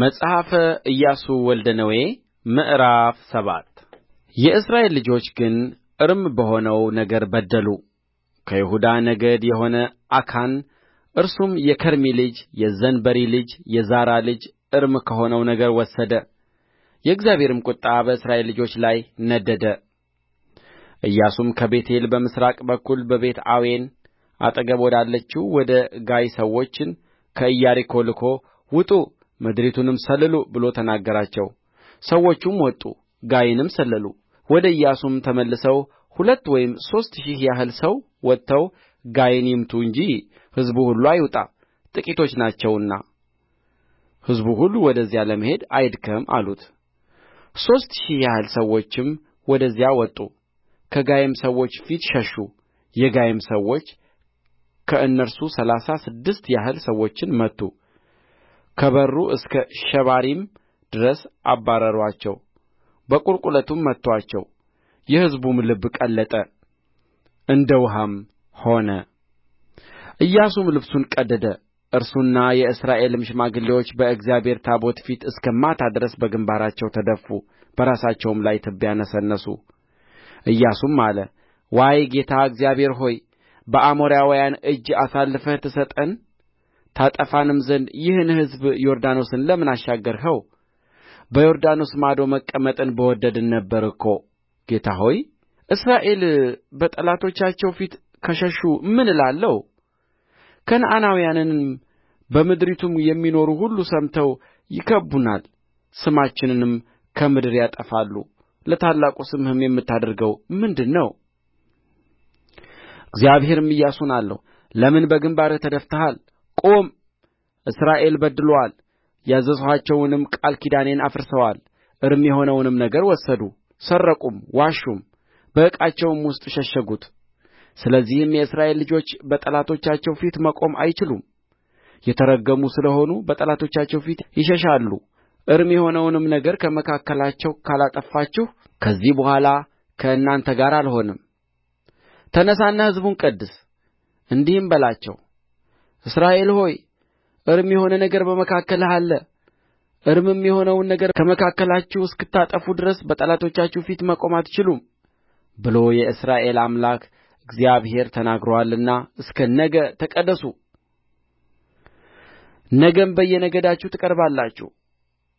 መጽሐፈ ኢያሱ ወልደ ነዌ ምዕራፍ ሰባት የእስራኤል ልጆች ግን እርም በሆነው ነገር በደሉ። ከይሁዳ ነገድ የሆነ አካን እርሱም የከርሚ ልጅ የዘንበሪ ልጅ የዛራ ልጅ እርም ከሆነው ነገር ወሰደ። የእግዚአብሔርም ቍጣ በእስራኤል ልጆች ላይ ነደደ። ኢያሱም ከቤቴል በምሥራቅ በኩል በቤት አዌን አጠገብ ወዳለችው ወደ ጋይ ሰዎችን ከኢያሪኮ ልኮ ውጡ ምድሪቱንም ሰልሉ ብሎ ተናገራቸው ሰዎቹም ወጡ ጋይንም ሰለሉ ወደ ኢያሱም ተመልሰው ሁለት ወይም ሦስት ሺህ ያህል ሰው ወጥተው ጋይን ይምቱ እንጂ ሕዝቡ ሁሉ አይውጣ ጥቂቶች ናቸውና ሕዝቡ ሁሉ ወደዚያ ለመሄድ አይድከም አሉት ሦስት ሺህ ያህል ሰዎችም ወደዚያ ወጡ ከጋይም ሰዎች ፊት ሸሹ የጋይም ሰዎች ከእነርሱ ሠላሳ ስድስት ያህል ሰዎችን መቱ ከበሩ እስከ ሸባሪም ድረስ አባረሯቸው። በቍልቍለቱም መቱአቸው የሕዝቡም ልብ ቀለጠ እንደ ውኃም ሆነ ኢያሱም ልብሱን ቀደደ እርሱና የእስራኤልም ሽማግሌዎች በእግዚአብሔር ታቦት ፊት እስከ ማታ ድረስ በግምባራቸው ተደፉ በራሳቸውም ላይ ትቢያ ነሰነሱ ኢያሱም አለ ዋይ ጌታ እግዚአብሔር ሆይ በአሞራውያን እጅ አሳልፈህ ትሰጠን ታጠፋንም ዘንድ ይህን ሕዝብ ዮርዳኖስን ለምን አሻገርኸው በዮርዳኖስ ማዶ መቀመጥን በወደድን ነበር እኮ ጌታ ሆይ እስራኤል በጠላቶቻቸው ፊት ከሸሹ ምን እላለሁ ከነዓናውያንንም በምድሪቱም የሚኖሩ ሁሉ ሰምተው ይከብቡናል ስማችንንም ከምድር ያጠፋሉ ለታላቁ ስምህም የምታደርገው ምንድር ነው እግዚአብሔርም ኢያሱን አለው ለምን በግምባርህ ተደፍተሃል ቁም እስራኤል በድሎአል ያዘዝኋቸውንም ቃል ኪዳኔን አፍርሰዋል እርም የሆነውንም ነገር ወሰዱ ሰረቁም ዋሹም በዕቃቸውም ውስጥ ሸሸጉት ስለዚህም የእስራኤል ልጆች በጠላቶቻቸው ፊት መቆም አይችሉም የተረገሙ ስለ ሆኑ በጠላቶቻቸው ፊት ይሸሻሉ እርም የሆነውንም ነገር ከመካከላቸው ካላጠፋችሁ ከዚህ በኋላ ከእናንተ ጋር አልሆንም ተነሣና ሕዝቡን ቀድስ እንዲህም በላቸው እስራኤል ሆይ እርም የሆነ ነገር በመካከልህ አለ እርምም የሆነውን ነገር ከመካከላችሁ እስክታጠፉ ድረስ በጠላቶቻችሁ ፊት መቆም አትችሉም ብሎ የእስራኤል አምላክ እግዚአብሔር ተናግሮአልና እስከ ነገ ተቀደሱ ነገም በየነገዳችሁ ትቀርባላችሁ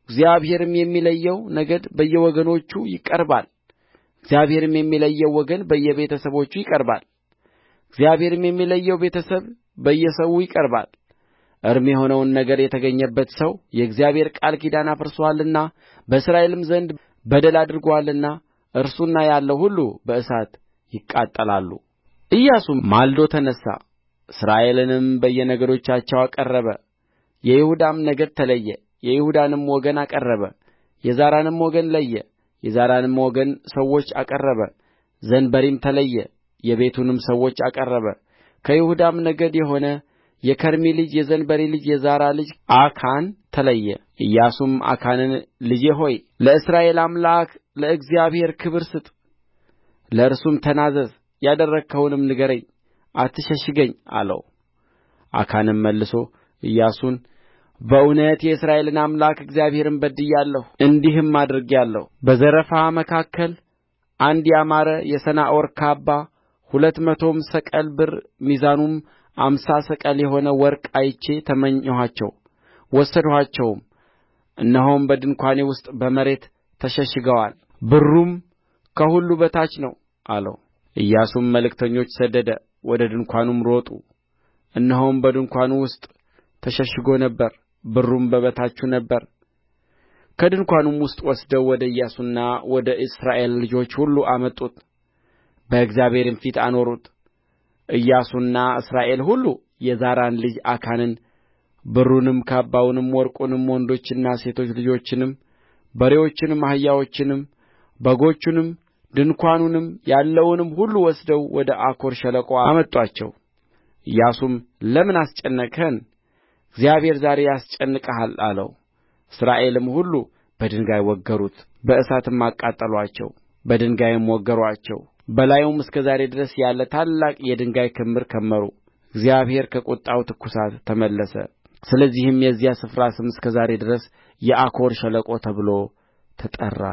እግዚአብሔርም የሚለየው ነገድ በየወገኖቹ ይቀርባል እግዚአብሔርም የሚለየው ወገን በየቤተሰቦቹ ይቀርባል እግዚአብሔርም የሚለየው ቤተሰብ በየሰዉ ይቀርባል እርም የሆነውን ነገር የተገኘበት ሰው የእግዚአብሔር ቃል ኪዳን አፍርሶአልና በእስራኤልም ዘንድ በደል አድርጎአልና እርሱና ያለው ሁሉ በእሳት ይቃጠላሉ ኢያሱም ማልዶ ተነሣ እስራኤልንም በየነገዶቻቸው አቀረበ የይሁዳም ነገድ ተለየ የይሁዳንም ወገን አቀረበ የዛራንም ወገን ለየ የዛራንም ወገን ሰዎች አቀረበ ዘንበሪም ተለየ የቤቱንም ሰዎች አቀረበ ከይሁዳም ነገድ የሆነ የከርሚ ልጅ የዘንበሪ ልጅ የዛራ ልጅ አካን ተለየ ኢያሱም አካንን ልጄ ሆይ ለእስራኤል አምላክ ለእግዚአብሔር ክብር ስጥ ለእርሱም ተናዘዝ ያደረግኸውንም ንገረኝ አትሸሽገኝ አለው አካንም መልሶ ኢያሱን በእውነት የእስራኤልን አምላክ እግዚአብሔርን በድያለሁ እንዲህም አድርጌአለሁ በዘረፋ መካከል አንድ ያማረ የሰናዖር ካባ ሁለት መቶም ሰቅል ብር ሚዛኑም አምሳ ሰቅል የሆነ ወርቅ አይቼ ተመኘኋቸው ወሰድኋቸውም እነሆም በድንኳኔ ውስጥ በመሬት ተሸሽገዋል ብሩም ከሁሉ በታች ነው አለው ኢያሱም መልእክተኞች ሰደደ ወደ ድንኳኑም ሮጡ እነሆም በድንኳኑ ውስጥ ተሸሽጎ ነበር ብሩም በበታቹ ነበር ከድንኳኑም ውስጥ ወስደው ወደ ኢያሱና ወደ እስራኤል ልጆች ሁሉ አመጡት በእግዚአብሔርም ፊት አኖሩት ኢያሱና እስራኤል ሁሉ የዛራን ልጅ አካንን ብሩንም ካባውንም ወርቁንም ወንዶችና ሴቶች ልጆቹንም በሬዎቹንም አህያዎቹንም በጎቹንም ድንኳኑንም ያለውንም ሁሉ ወስደው ወደ አኮር ሸለቆ አመጡአቸው ኢያሱም ለምን አስጨነቅኸን እግዚአብሔር ዛሬ ያስጨንቅሃል አለው እስራኤልም ሁሉ በድንጋይ ወገሩት በእሳትም አቃጠሉአቸው በድንጋይም ወገሩአቸው በላዩም እስከ ዛሬ ድረስ ያለ ታላቅ የድንጋይ ክምር ከመሩ እግዚአብሔር ከቍጣው ትኵሳት ተመለሰ ስለዚህም የዚያ ስፍራ ስም እስከ ዛሬ ድረስ የአኮር ሸለቆ ተብሎ ተጠራ